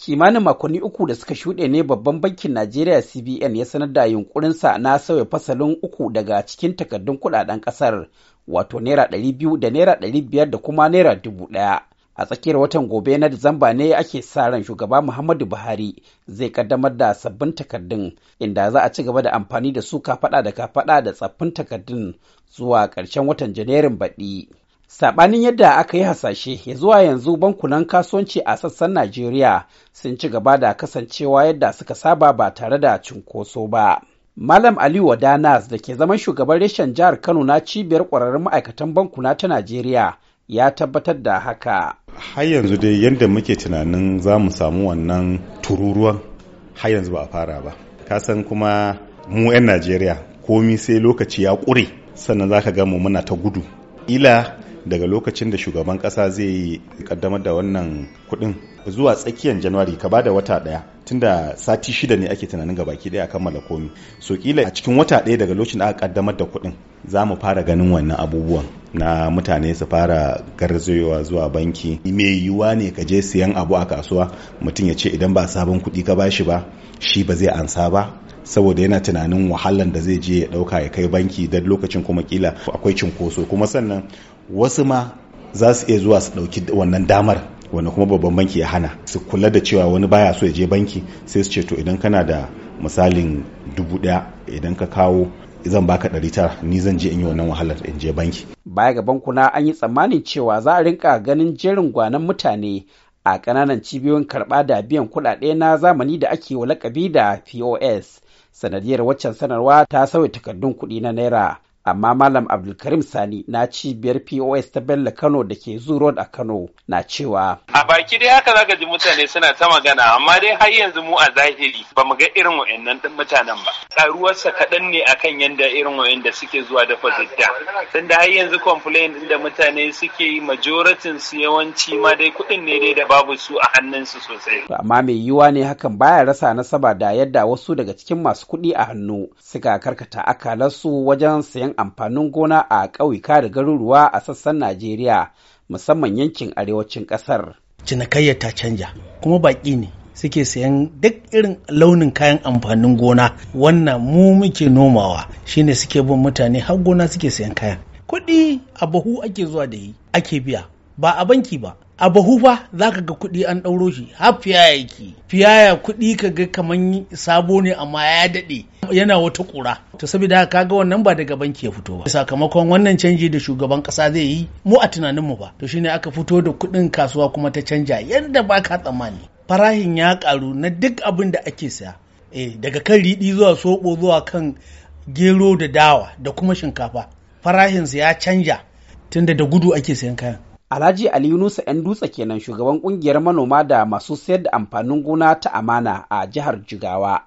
kimanin makonni uku da suka shuɗe ne babban bankin najeriya cbn ya sanar da yunkurinsa na sauya fasalin uku daga cikin takardun kuɗaɗen ƙasar wato naira ɗari biyu da naira ɗari biyar da kuma naira dubu ɗaya a tsakiyar watan gobe na disamba ne ake sa ran shugaba muhammadu buhari zai kaddamar da sabbin takardun inda za a ci gaba da amfani da su kafaɗa da kafaɗa da tsaffin takardun zuwa ƙarshen watan janairun baɗi Saɓanin yadda aka yi hasashe ya zuwa yanzu bankunan kasuwanci a sassan Najeriya sun ci gaba da kasancewa yadda suka saba ba tare da cunkoso ba. Malam Aliyu Wadanas da ke zaman shugaban reshen jihar Kano na cibiyar ƙwararrun ma'aikatan bankuna ta Najeriya ya tabbatar da haka. Har yanzu dai yadda muke tunanin za mu samu wannan tururuwan har yanzu ba a fara ba. Kasan kuma mu 'yan Najeriya komi sai lokaci ya ƙure sannan za ka mu muna ta gudu. Ila daga lokacin da shugaban kasa zai kaddamar da wannan kudin zuwa tsakiyar januari ka bada wata daya tunda sati shida ne ake tunanin ga baki daya kammala komi so kila a cikin wata daya daga lokacin da aka kaddamar da kudin za mu fara ganin wannan abubuwan na mutane su fara garzayowa zuwa banki me yiwuwa ne ka je siyan abu a kasuwa mutum ya ce idan ba sabon kuɗi ka bashi ba shi ba zai ansa ba saboda yana tunanin wahalan da zai je ya dauka ya kai banki da lokacin kuma kila akwai cinkoso kuma sannan wasu ma za su iya zuwa su ɗauki wannan damar wanda kuma babban banki ya hana su kula da cewa wani baya so ya je banki sai su ce to idan kana da misalin dubu ɗaya idan ka kawo zan baka ɗari tara ni zan je in yi wannan wahalar in je banki. Baya ga bankuna an yi tsammanin cewa za a rinka ganin jerin gwanan mutane a ƙananan cibiyoyin karɓa da biyan kuɗaɗe na zamani da ake wa lakabi da POS. Sanadiyar waccan sanarwa ta sauya takardun kuɗi na Naira. amma malam abdulkarim sani na cibiyar pos ta bello kano da ke zuro a kano na cewa a baki dai haka zaka ji mutane suna ta magana amma dai har yanzu mu a zahiri ba mu ga irin wayannan mutanen ba karuwarsa kaɗan ne akan yanda irin wayanda suke zuwa dafa zidda tunda har yanzu complain da mutane suke yi majoratin su yawanci ma dai kuɗin ne dai da babu su a hannun su sosai amma mai yiwuwa ne hakan baya rasa nasaba da yadda wasu daga cikin masu kuɗi a hannu suka karkata akalarsu wajen sayan kayan amfanin gona a ƙauyuka da garuruwa a sassan Najeriya musamman yankin arewacin ƙasar. Cinikayyar ta canja kuma baƙi ne suke sayan duk irin launin kayan amfanin gona wannan mu muke nomawa shine suke bin mutane har gona suke sayan kayan. Kuɗi a bahu ake zuwa da yi ake biya ba a banki ba a bahu fa za ka ga kuɗi an ɗauro shi har fiyaya yake fiyaya kuɗi ka ga kamar sabo ne amma ya daɗe yana wata kura to saboda kaga wannan ba daga banki ya fito ba sakamakon wannan canji da shugaban kasa zai yi mu a tunanin mu ba to shine aka fito da kuɗin kasuwa kuma ta canja yadda ba ka tsammani farahin ya karu na duk abin da ake saya eh daga kan riɗi zuwa soɓo zuwa kan gero da dawa da kuma shinkafa farahinsu ya canja tunda da gudu ake sayan kayan Alhaji Ali Yunusa 'yan dutse kenan shugaban kungiyar manoma da masu sayar da amfanin gona ta amana a jihar Jigawa.